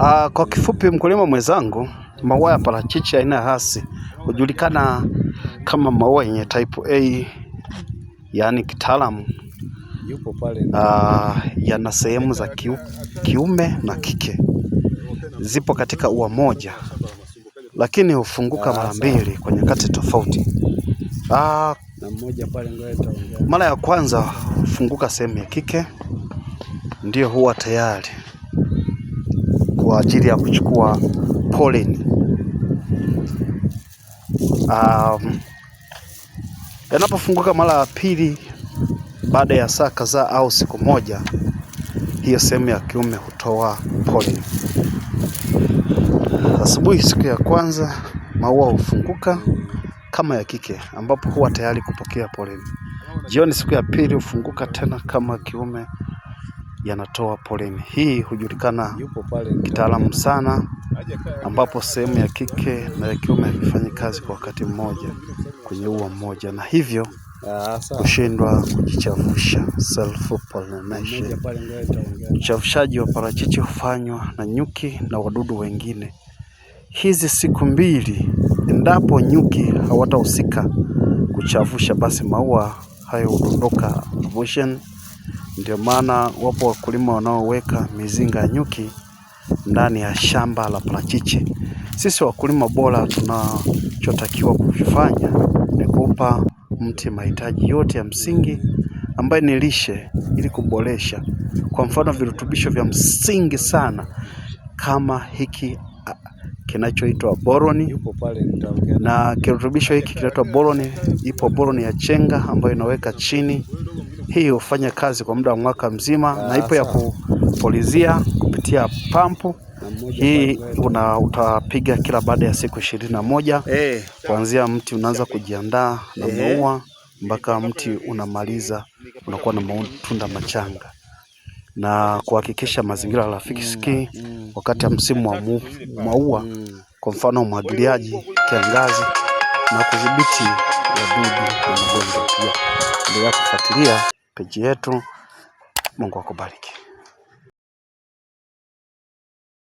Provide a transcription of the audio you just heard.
Uh, kwa kifupi mkulima mwenzangu, maua ya parachichi aina ya hasi hujulikana kama maua yenye type A, yaani kitaalamu ah, yana sehemu za kiu, kiume na kike, zipo katika ua moja, lakini hufunguka mara ah, mbili kwa nyakati tofauti. uh, mara ya kwanza hufunguka sehemu ya kike, ndiyo huwa tayari kwa ajili ya kuchukua pollen. Um, yanapofunguka mara ya pili baada ya saa kadhaa au siku moja, hiyo sehemu ya kiume hutoa pollen. Asubuhi siku ya kwanza maua hufunguka kama ya kike ambapo huwa tayari kupokea pollen. Jioni siku ya pili hufunguka tena kama kiume yanatoa pollen. Hii hujulikana kitaalamu sana, ambapo sehemu ya kike na ya kiume havifanyi kazi kwa wakati mmoja kwenye ua mmoja, na hivyo ah, kushindwa kujichafusha, self pollination. Uchafushaji wa parachichi hufanywa na nyuki na wadudu wengine. Hizi siku mbili, endapo nyuki hawatahusika kuchafusha, basi maua hayo hudondoka ndio maana wapo wakulima wanaoweka mizinga nyuki ndani ya shamba la parachichi. Sisi wakulima bora tunachotakiwa kufanya ni kupa mti mahitaji yote ya msingi ambaye ni lishe ili kuboresha, kwa mfano virutubisho vya msingi sana kama hiki kinachoitwa boroni na kirutubisho hiki kinaitwa boroni. Ipo boroni ya chenga ambayo inaweka chini hii hufanya kazi kwa muda wa mwaka mzima na ipo ya ah, kupulizia kupitia pampu hii una utapiga kila baada ya siku ishirini na moja hey. Eh. Kuanzia mti unaanza kujiandaa na eh. maua mpaka mti unamaliza unakuwa na matunda machanga na kuhakikisha mazingira rafiki mm. siki mm. wakati ya msimu wa maua mm. kwa mfano umwagiliaji kiangazi na kudhibiti wadudu na magonjwa. Pia endelea kufuatilia peji yetu. Mungu akubariki.